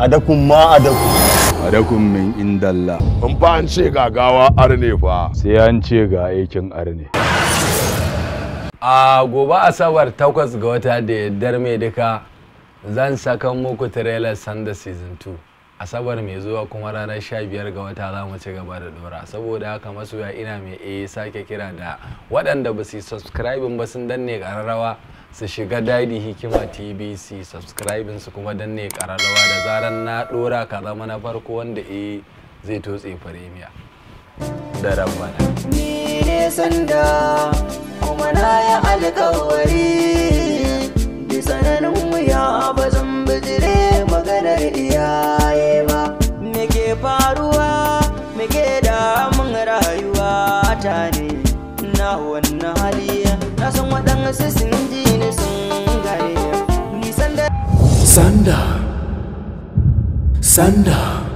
adakun ma adakun adakun min indalla in fa ga gawa arne fa sai an ce ga aikin arne a gobe asabar takwas ga wata da yardar mai duka zan saka muku trailer sanda season 2 asabar mai zuwa kuma ranar sha biyar ga wata za mu ci gaba da dora saboda haka masoya ina mai eh sake kira da waɗanda ba su subscribing ba sun danne ƙararrawa su shiga daidi hikima tbc subscribing su kuma danne ƙararrawa da zarar na dora ka zama na farko wanda eh zai totse firemiya da rabbana ni ne sanda kuma na yi alƙawari bisa wuya maganar iya bukata ne na wannan hali na san waɗansu sun ji ne sun gare ni sanda sanda